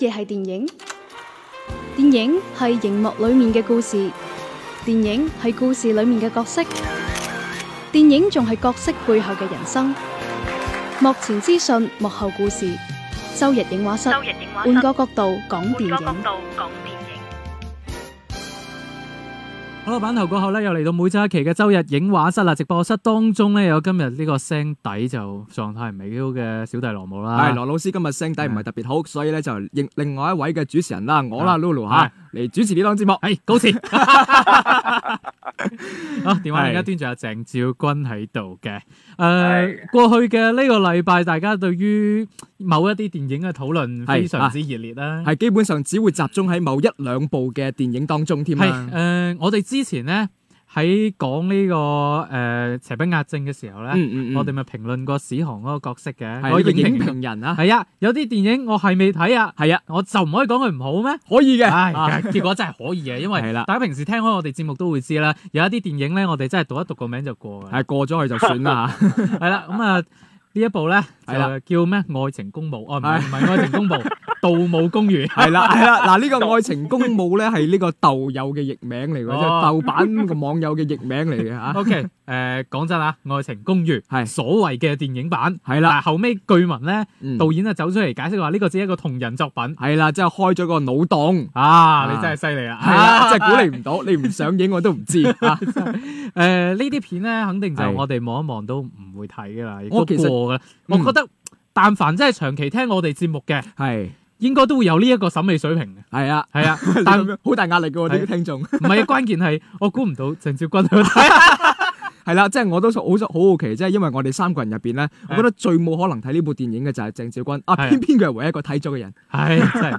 嘢係電影，電影係熒幕裏面嘅故事，電影係故事裏面嘅角色，電影仲係角色背後嘅人生。幕前資訊，幕後故事。周日映畫室，換個角度講電影。好啦，版頭過後咧，又嚟到每週一期嘅周日影畫室啦。直播室當中咧，有今日呢個聲底就狀態唔係幾好嘅小弟羅姆啦。係羅老師今日聲底唔係特別好，是所以咧就另外一位嘅主持人啦，我啦是 Lulu 嚇哈。嚟主持呢檔節目，係告辭。好、 啊，電話另一端仲有鄭照君喺度嘅。誒、呃，過去嘅呢個禮拜，大家對於某一啲電影嘅討論非常之熱烈啦、啊。係、啊、基本上只會集中喺某一兩部嘅電影當中添、啊。係誒、呃，我哋之前咧。喺講呢個誒邪不壓正嘅時候咧，嗯嗯、我哋咪評論過史航嗰個角色嘅，我係一個影評人啊。係啊，有啲電影我係未睇啊。係啊，我就唔可以講佢唔好咩？可以嘅。唉、 啊，結果真係可以嘅，因為大家平時聽開我哋節目都會知啦。有一啲電影咧，我哋真係讀一讀個名就過嘅。係過咗去就算啦吓。係啦， 咁啊呢一部咧就叫咩？的愛情公寓？哦，唔係，唔係愛情公寓。盜墓公寓係啦係啦，嗱呢個愛情公墓咧係呢個豆友嘅譯名嚟嘅，即係豆瓣個網友嘅譯名嚟嘅吓。O K，誒講真啊，愛情公寓係所謂嘅電影版係啦，後尾據聞咧導演啊走出嚟解釋話呢個只係一個同人作品係啦，即係開咗個腦洞啊！你真係犀利啊！係啦，即係估你唔到，你唔上映我都唔知。誒呢啲片咧，肯定就我哋望一望都唔會睇噶啦，我過噶。我覺得但凡真係長期聽我哋節目嘅係。應該都會有呢一個審美水平嘅，係啊係啊，但係好大壓力嘅喎我哋啲聽眾。唔係啊，關鍵係我估唔到鄭少君係啦，即係我都好好好奇，即係因為我哋三個人入邊咧，我覺得最冇可能睇呢部電影嘅就係鄭少君，啊偏偏佢係唯一一個睇咗嘅人，係真係。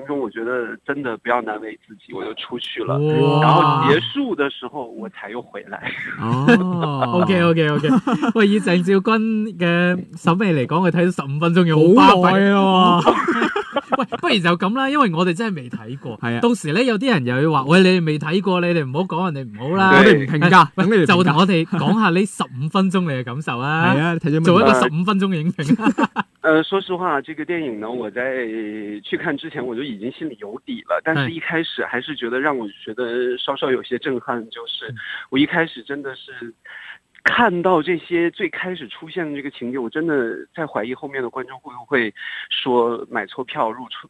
中我覺得真的不要難為自己，我就出去了，哇然後結束的時候我才又回來。O K O K O K，喂，以鄭少君嘅審美嚟講，佢睇咗十五分鐘又好巴閉咯。 喂，不如就咁啦，因為我哋真係未睇過，係啊。到時咧，有啲人又要話，喂，你哋未睇過，你哋唔好講，人哋唔好啦，你唔評價，喂等你哋就同我哋講下呢十五分鐘你嘅感受啊。係啊，做一個十五分鐘嘅影評。誒 、呃，說實話，這個電影呢，我在去看之前我就已經心裏有底了，但是一開始還是覺得讓我覺得稍稍有些震撼，就是我一開始真的是。.看到這些最開始出現的這個情景，我真的在懷疑後面的觀眾會不會說買錯票入錯。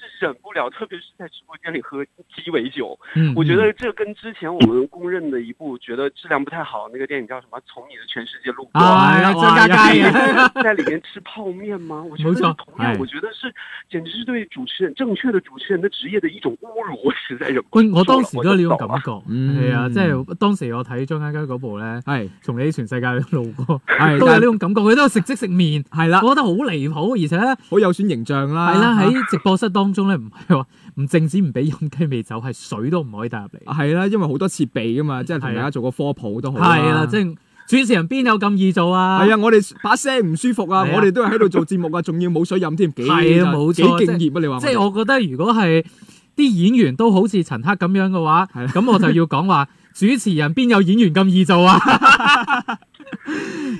整不了，特別是在直播間裏喝雞尾酒，我覺得這跟之前我們公認的一部覺得質量不太好那個電影叫什麼《從你的全世界路過》，張嘉佳也在裏面吃泡麵嗎？我覺得同樣，我覺得是簡直是對主持人正確的主持人的職業的一種侮辱，實在就。我我當時都有呢種感覺，係啊，即係當時我睇張嘉佳嗰部咧，係《從你全世界路過》，係都係呢種感覺，佢都係食即食麵，係啦，我覺得好離譜，而且好有損形象啦，係啦，喺直播室當中。唔係喎，唔淨止唔俾飲雞尾酒，係水都唔可以帶入嚟。係啦，因為好多設備噶嘛，即係同大家做個科普都好。係啦，即係主持人邊有咁易做啊？係啊，我哋把聲唔舒服啊，的我哋都係喺度做節目啊，仲 要冇水飲添，幾？係啊的，冇多錯，幾敬業啊！是你話？即係我覺得，如果係啲演員都好似陳赫咁樣嘅話，咁的我就要講話主持人邊有演員咁易做啊？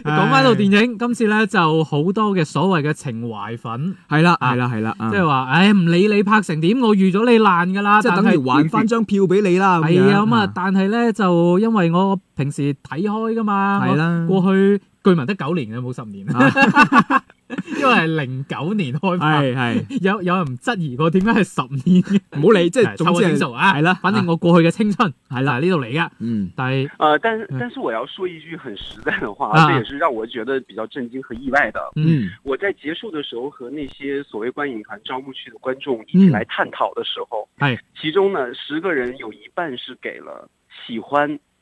講翻到電影，唉今次呢就好多嘅所謂嘅情懷粉係啦，係、啊、啦，係啦，啦啊、即係話，唉，唔理你拍成點，我預咗你爛噶啦，即係等於還翻張票俾你啦。係、嗯、樣啊，咁啊，但係呢，就因為我平時睇開噶嘛，係啦，過去據聞得九年嘅冇十年、啊 因為係零九年開拍，係係有有人唔質疑過，點解係十年嘅？唔好理，即係總之就啊！係啦，反正我過去嘅青春係啦，呢度嚟嘅。嗯，但係，誒，但但是我要說一句很實在的話，這也是讓我覺得比較震驚和意外嘅。嗯，我在結束嘅時候和那些所謂觀影團招募區嘅觀眾一起來探討嘅時候，誒，其中呢十個人有一半係給咗「喜歡」。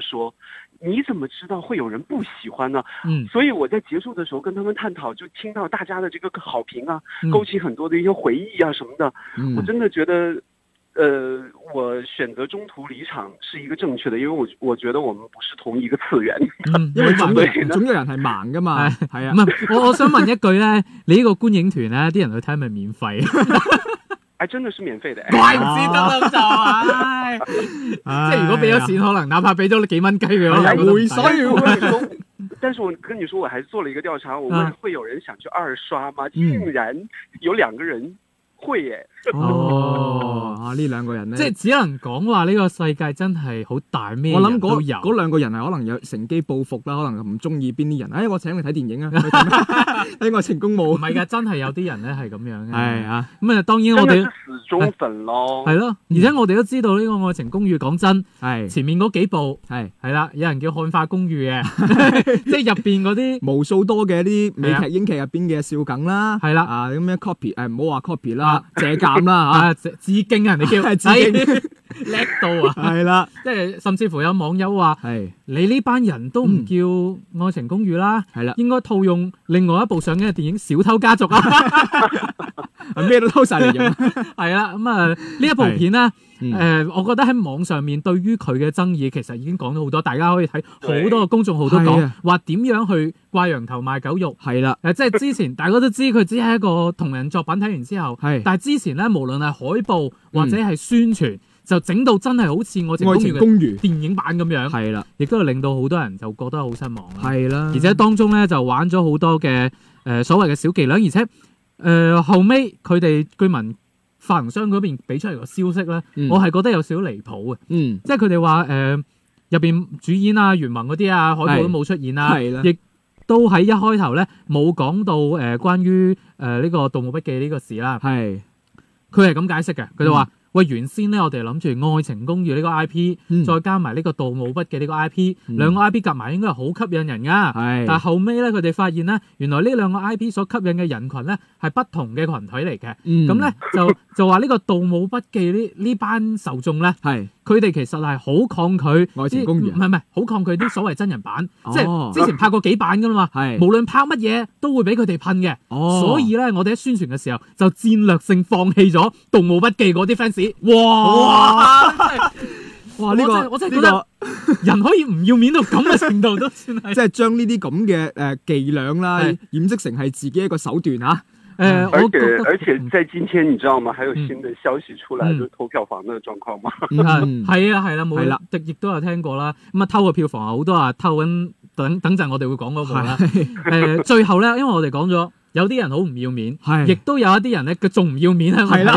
說，你怎麼知道會有人不喜歡呢？嗯，所以我在結束的時候跟他們探討，就聽到大家的這個好評啊，嗯、勾起很多的一些回憶啊什麼的。嗯、我真的覺得，呃，我選擇中途離場是一個正確的，因為我我覺得我們不是同一個次元。嗯、因為盲，為總有人是盲的嘛。係、哎、啊，唔， 我我想問一句呢，你呢個觀影團呢啲人去睇係咪免費？ 哎，真的是免費的，怪唔之得咁做啊！即係如果俾咗錢，哎、呀可能哪怕俾咗幾蚊雞佢，哎、呀會所以會 但是我跟你說，我還是做了一個調查，啊、我們會有人想去二刷嗎？嗯、竟然有兩個人會耶！哦，啊呢兩個人咧，即係只能講話呢個世界真係好大咩？我諗嗰嗰兩個人係可能有乘機報復啦，可能唔中意邊啲人，哎我請你睇電影啊，睇愛情公寓，唔係嘅。真係有啲人咧係咁樣嘅，係啊，咁啊當然我哋始終粉咯。係咯，而且我哋都知道呢個愛情公寓講真係前面嗰幾部係係啦，有人叫漢化公寓嘅，即係入邊啲無數多嘅啲美劇英劇入邊嘅笑梗啦，係啦啊咁樣 copy 誒唔好話 copy 啦，借咁啦嚇，致敬啊，啊！人哋叫致敬叻到啊，係啦，即係甚至乎有網友話：係是你呢班人都唔叫《愛情公寓》啦，係啦的，應該套用另外一部上映嘅電影《小偷家族》啊，咩都偷晒嚟用，係啦，咁啊呢一部片咧。誒，我覺得喺網上面對於佢嘅爭議，其實已經講咗好多，大家可以睇好多個公眾號都講話點樣去掛羊頭賣狗肉，係啦，誒，即係之前大家都知佢只係一個同人作品，睇完之後，係，但係之前咧，無論係海報或者係宣傳，就整到真係好似我哋公寓電影版咁樣，係啦，亦都係令到好多人就覺得好失望啦，係啦，而且當中咧就玩咗好多嘅誒所謂嘅小伎倆，而且誒後尾佢哋居民，發行商嗰邊俾出嚟個消息咧，嗯、我係覺得有少少離譜嘅，嗯、即係佢哋話誒入邊主演啊、袁文嗰啲啊、海報都冇出現啦、啊，亦的都喺一開頭咧冇講到誒、呃、關於誒呢、呃這個《盜墓筆記》呢個事啦，佢係咁解釋嘅，佢就話。嗯喂，原先咧我哋諗住愛情公寓呢個 IP，嗯、再加埋呢個盜墓筆記呢個 IP，兩、嗯、個 IP 夾埋應該係好吸引人噶。是但係後尾咧佢哋發現咧，原來呢兩個 IP 所吸引嘅人群咧係不同嘅群體嚟嘅。咁咧、嗯、就就話呢個盜墓筆記呢呢班受眾咧係。佢哋其實係好抗拒愛情公寓，唔係唔係，好抗拒啲所謂真人版，哦、即係之前拍過幾版噶啦嘛。係、哦，無論拍乜嘢都會俾佢哋噴嘅。哦、所以咧，我哋喺宣傳嘅時候就戰略性放棄咗《盜墓筆記》嗰啲 fans。哇！哦、哇！呢個 我真係、這個、覺得人可以唔要面到咁嘅程度都算係， 即係將呢啲咁嘅誒伎倆啦，掩飾成係自己一個手段嚇。 誒，而且而且在今天你知道嗎？還有新的消息出來，就偷票房的狀況嗎？唔係，係啊係啦，冇係啦，亦都有聽過啦。咁啊偷嘅票房好多啊，偷緊等等陣我哋會講嗰個啦。誒，最後咧，因為我哋講咗，有啲人好唔要面，亦都有一啲人咧，佢仲唔要面啊？係啦，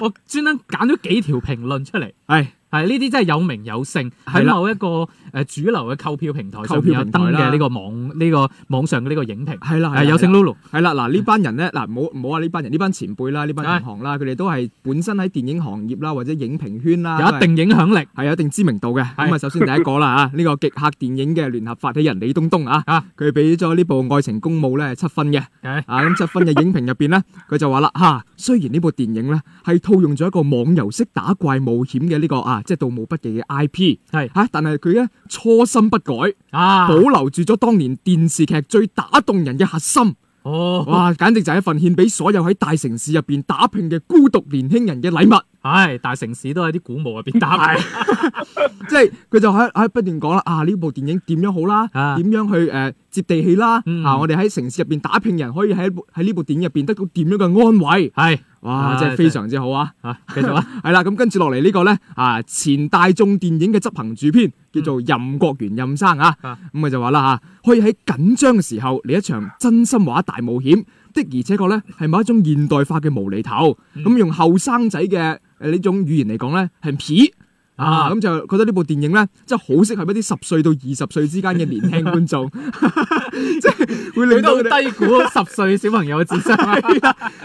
我專登揀咗幾條評論出嚟，係。係呢啲真係有名有姓，喺某一個誒主流嘅購票平台上面有登嘅呢個網呢個網上嘅呢個影評係啦，係有姓 Lulu 係啦，嗱呢班人咧嗱，唔好唔好話呢班人呢班前輩啦，呢班同行啦，佢哋都係本身喺電影行業啦或者影評圈啦，有一定影響力，係有一定知名度嘅。咁啊，首先第一個啦嚇，呢個極客電影嘅聯合發起人李東東啊，佢俾咗呢部愛情公寓咧七分嘅，啊咁七分嘅影評入邊咧，佢就話啦嚇，雖然呢部電影咧係套用咗一個網遊式打怪冒險嘅呢個啊。即係《盜墓筆記》嘅 IP，係吓，但係佢咧初心不改，啊，保留住咗當年電視劇最打動人嘅核心，哦，哇，簡直就係一份獻俾所有喺大城市入邊打拼嘅孤獨年輕人嘅禮物。係、哎、大城市都喺啲古墓入邊打， 即係佢就喺喺不斷講啦，啊呢部電影點樣好啦，點、啊、樣去誒、呃、接地氣啦，嗯、啊我哋喺城市入邊打拼人可以喺喺呢部電影入邊得到點樣嘅安慰，係，哇真係非常之好啊，繼續啊，係啦，咁、 嗯、跟住落嚟呢個呢，啊前大眾電影嘅執行主編叫做任國元任生啊，咁佢、嗯嗯嗯、就話啦吓，可以喺緊張嘅時候嚟一場真心話大冒險，的而且確呢，係某一種現代化嘅無厘頭，咁、嗯嗯、用後生仔嘅。呢種語言嚟講咧，係皮。啊，咁就覺得呢部電影咧，即係好適合一啲十歲到二十歲之間嘅年輕觀眾，即係會令到低估十歲小朋友嘅智商。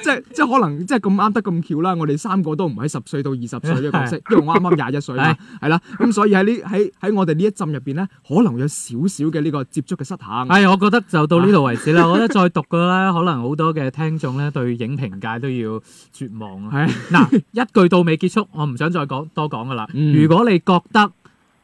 即係即係可能即係咁啱得咁巧啦，我哋三個都唔係十歲到二十歲嘅角色，因為我啱啱廿一歲嘛，係啦。咁所以喺呢喺喺我哋呢一陣入邊咧，可能有少少嘅呢個接觸嘅失衡。係，我覺得就到呢度為止啦。我覺得再讀嘅咧，可能好多嘅聽眾咧對影評界都要絕望啊。係，嗱一句到尾結束，我唔想再講多講噶啦。如果你覺得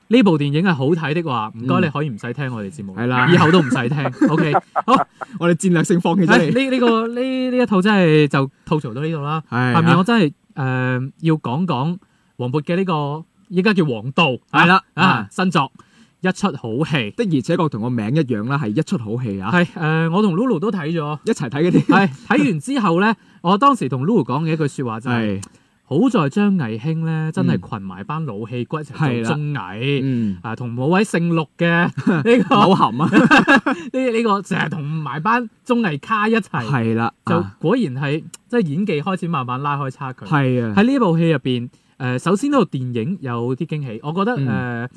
呢部電影係好睇的話，唔該，你可以唔使聽我哋節目，係啦，以後都唔使聽。OK，好，我哋戰略性放棄咗你。呢呢個呢呢一套真係就吐槽到呢度啦。係，下面我真係誒要講講黃渤嘅呢個依家叫黃導，係啦，啊新作一出好戲的而且確同個名一樣啦，係一出好戲啊。係誒，我同 Lulu 都睇咗一齊睇嘅。啲。係睇完之後咧，我當時同 Lulu 講嘅一句説話就係。好在張藝興咧，真係群埋班老戲骨一齊做綜藝，嗯、啊同嗰位姓陸嘅呢個冇含啊，呢呢個成日同埋班綜藝咖一齊，係、呃、啦，就果然係即係演技開始慢慢拉開差距。係、呃、啊，喺呢部戲入邊，誒首先呢部電影有啲驚喜，我覺得誒、呃、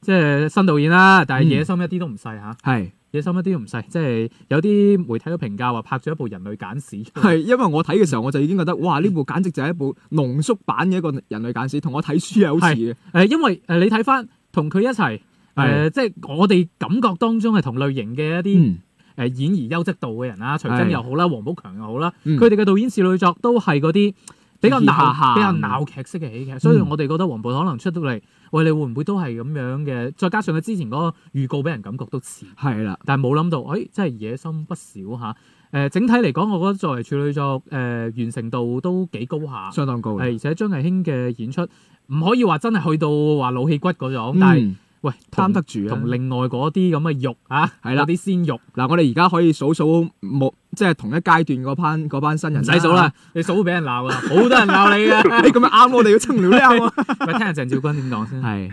即係新導演啦，但係野心一啲都唔細嚇。係、啊。野心一啲都唔細，即係有啲媒體都評價話拍咗一部人類簡史。係，因為我睇嘅時候我就已經覺得，嗯、哇！呢部簡直就係一部濃縮版嘅一個人類簡史，同我睇書又好似嘅。誒、呃，因為誒、呃、你睇翻同佢一齊誒，呃嗯、即係我哋感覺當中係同類型嘅一啲誒、嗯呃、演而優則導嘅人啦，徐崢又好啦，王寶強又好啦，佢哋嘅導演處女作都係嗰啲。比較鬧嚇，比較鬧劇式嘅喜劇，嗯、所以我哋覺得黃渤可能出到嚟，喂，你會唔會都係咁樣嘅？再加上佢之前嗰個預告，俾人感覺都似，係啦的，但係冇諗到，誒、哎、真係野心不小。嚇、啊。誒、呃、整體嚟講，我覺得作為處女作，誒、呃、完成度都幾高下，相當高嘅、呃。而且張藝興嘅演出唔可以話真係去到話老戲骨嗰種，但係、嗯。喂，貪得住是的 啊，同另外嗰啲咁嘅肉嚇，係啦，啲鮮肉。嗱，我哋而家可以數數木，即係同一階段嗰班嗰班新人。唔使數啦、啊，你數俾人鬧啊，好 多人鬧你啊，你咁樣啱我哋要清理啲啊。咪聽下鄭兆君點講先。係。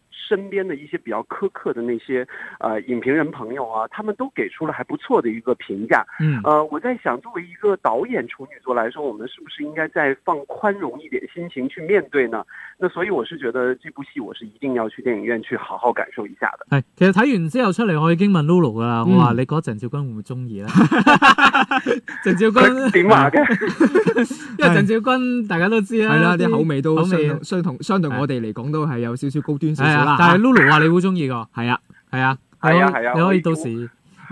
身邊的一些比較苛刻的那些，呃，影評人朋友啊，他們都給出了還不錯的一個評價。嗯。呃，我在想，作為一個導演處女作來說，我們是不是應該再放寬容一點心情去面對呢？那所以我是覺得，這部戲我是一定要去電影院去好好感受一下的。係，其實睇完之後出嚟，我已經問 Lulu 噶啦，我話你覺得鄭少君會唔會中意呢？嗯。鄭少君點話嘅？ 因為鄭少君大家都知啦。係啦對，啲對口味都口味相同，相對我哋嚟講都係有少，少少高端。但係 Lulu 話你會中意嘅。係啊，係啊，係啊，係啊，啊啊啊啊你可以到時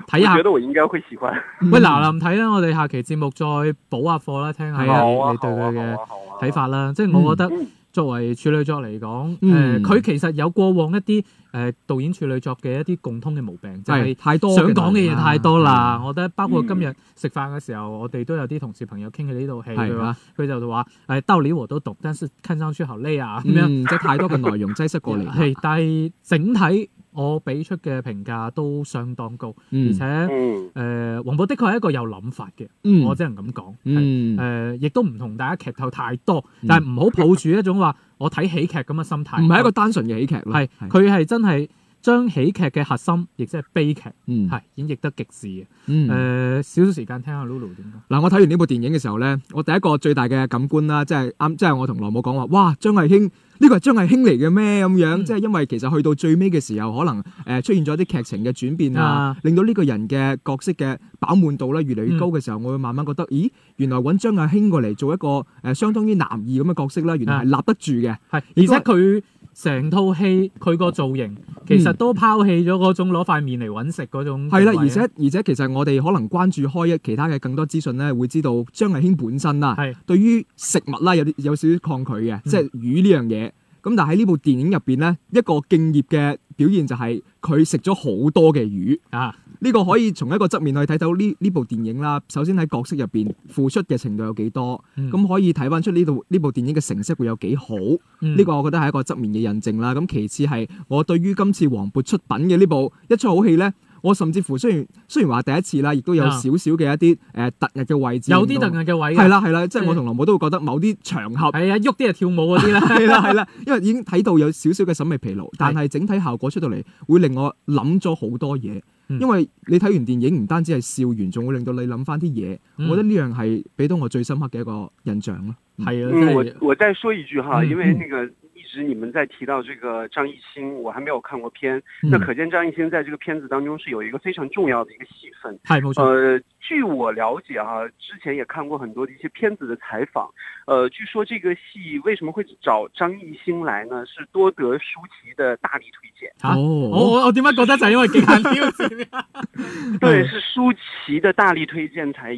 睇下。覺得我應該會喜歡。喂、 嗯，嗱，嗱，唔睇啦，我哋下期節目再補下課啦，聽下、啊、你對佢嘅睇法啦。啊啊啊、即係我覺得。嗯作為處女作嚟講，誒、呃、佢、嗯、其實有過往一啲誒、呃、導演處女作嘅一啲共通嘅毛病，就係、是、太多想講嘅嘢太多啦。嗎我覺得包括今日食飯嘅時候，我哋都有啲同事朋友傾起呢套戲㗎。佢、啊、就話誒道理我都讀，但是坑山出口呢啊，咁樣、嗯、即係太多嘅內容擠塞過嚟。係， 但係整體。我俾出嘅評價都相當高，嗯、而且誒、呃，黃渤的確係一個有諗法嘅，嗯、我只能咁講，誒、嗯呃，亦都唔同大家劇透太多，嗯、但係唔好抱住一種話我睇喜劇咁嘅心態，唔係一個單純嘅喜劇，係佢係真係，將喜劇嘅核心，亦即係悲劇，係、嗯、演繹得極致嘅。誒、嗯，少少、呃、時間聽下 Lulu 點講。嗱、啊，我睇完呢部電影嘅時候咧，我第一個最大嘅感官啦，即係啱，即係我同羅母講話，哇，張藝興呢個係張藝興嚟嘅咩咁樣？嗯、即係因為其實去到最尾嘅時候，可能誒、呃、出現咗啲劇情嘅轉變啊，令到呢個人嘅角色嘅飽滿度咧越嚟越高嘅時候，嗯、我會慢慢覺得，咦，原來揾張藝興過嚟做一個誒、呃、相當於男二咁嘅角色咧，原來係立得住嘅，係、嗯，而且佢。嗯成套戲佢個造型其實都拋棄咗嗰種攞塊面嚟揾食嗰種。係啦、嗯嗯，而且而且其實我哋可能關注開一其他嘅更多資訊咧，會知道張藝興本身啦、啊，是對於食物啦、啊、有啲有少少抗拒嘅，即係魚呢樣嘢。嗯咁但喺呢部電影入邊咧，一個敬業嘅表現就係佢食咗好多嘅魚啊！呢個可以從一個側面去睇到呢呢部電影啦。首先喺角色入邊付出嘅程度有幾多，咁、嗯、可以睇翻出呢度呢部電影嘅成色會有幾好。呢、嗯、個我覺得係一個側面嘅印證啦。咁其次係我對於今次黃渤出品嘅呢部一出好戲咧。我甚至乎雖然雖然話第一次啦，亦都有少少嘅一啲誒突兀嘅位置，有啲突兀嘅位，係啦係啦，即係我同林母都會覺得某啲場合係啊，喐啲啊跳舞嗰啲啦，係啦係啦，因為已經睇到有少少嘅審美疲勞，但係整體效果出到嚟會令我諗咗好多嘢，因為你睇完電影唔單止係笑完，仲會令到你諗返啲嘢。我覺得呢樣係俾到我最深刻嘅一個印象咯。係啊，我我再說一句吓，因為呢個。其實你們在提到這個張藝興，我還沒有看過片，嗯、那可見張藝興在這個片子當中是有一個非常重要的一個戲份。嗯、呃，據我了解啊，之前也看過很多的一些片子的採訪，呃，據說這個戲為什麼會找張藝興來呢？是多得舒淇的大力推薦。哦、啊，我我我對，是舒淇的大力推薦才。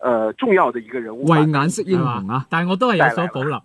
誒，重要的一個人物，慧眼識英雄啊！但係我都係有所保留。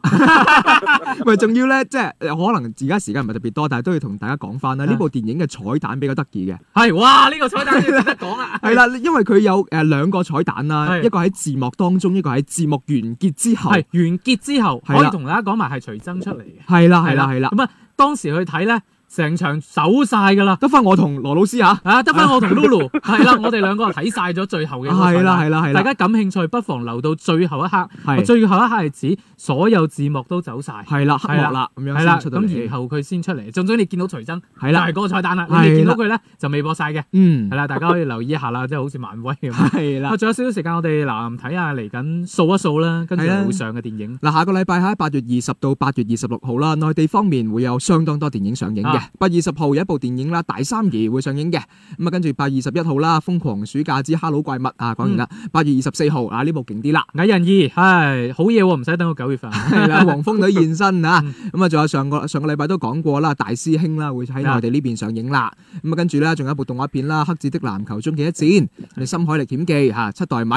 喂，仲要咧，即係可能而家時間唔係特別多，但係都要同大家講翻啦。呢部電影嘅彩蛋比較得意嘅，係哇呢個彩蛋有得講啦。係啦，因為佢有誒兩個彩蛋啦，一個喺字幕當中，一個喺字幕完結之後。係完結之後，可以同大家講埋係徐崢出嚟嘅。係啦，係啦，係啦，咁啊當時去睇咧。成場走晒㗎啦，得翻我同羅老師嚇，啊得翻我同 Lulu，係啦，我哋兩個睇晒咗最後嘅，係啦係啦，係大家感興趣不妨留到最後一刻，最後一刻係指所有字幕都走晒。係啦，黑幕啦咁樣，係啦，咁然後佢先出嚟，仲有你見到徐真，係啦，係嗰個彩蛋啦，你見到佢咧就未播晒嘅，嗯係啦，大家可以留意一下啦，即係好似漫威咁，係啦，仲有少少時間，我哋嗱睇下嚟緊數一數啦，跟住會上嘅電影嗱，下個禮拜喺八月二十到八月二十六號啦，內地方面會有相當多電影上映嘅。八月十號有一部電影啦，大三兒會上映嘅，咁啊跟住八月十一號啦，瘋狂暑假之哈佬怪物，啊，講完啦。八月二十四號啊，呢部勁啲啦，蟻人二係好嘢，哦，唔使等到九月份。係黃蜂女現身啊，咁啊仲有上個上個禮拜都講過啦，大師兄啦會喺我哋呢邊上映啦，咁啊、嗯、跟住咧仲有一部動畫片啦，黑子的籃球終極一戰，深海歷險記吓、啊，七代米、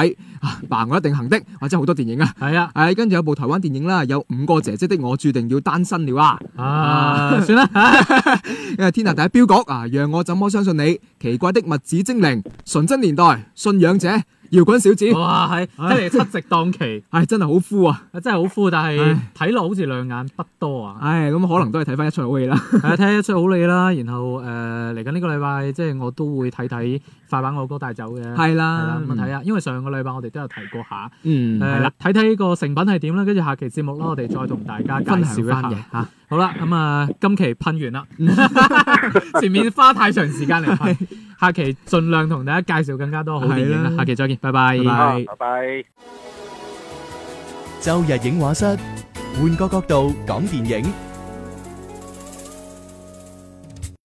爸、啊、我一定行的，我真係好多電影啊，係啊，誒、啊、跟住有部台灣電影啦，有五個姐姐的我注定要單身了啊，唉、啊，算啦。啊 因為 天下第一鏢局啊，讓我怎麼相信你？奇怪的物質精靈，純真年代，信仰者，搖滾小子。哇，係睇嚟，七夕檔期，係、 哎、真係好膚啊，真係好膚，但係睇落好似兩眼不多啊。唉、哎、咁可能都係睇翻一出好戲啦，睇、 啊、一出好戲啦，然後誒，嚟緊呢個禮拜即係我都會睇睇。快把我哥帶走嘅，係啦，咁啊睇啊，因為上個禮拜我哋都有提過下，嗯，係啦，睇睇個成品係點啦，跟住下期節目啦，我哋再同大家介紹一下嚇。好啦，咁啊，今期噴完啦，前面花太長時間嚟噴，下期盡量同大家介紹更加多好電影啦。下期再見，拜拜，拜拜，拜拜。週日映畫室，換個角度講電影。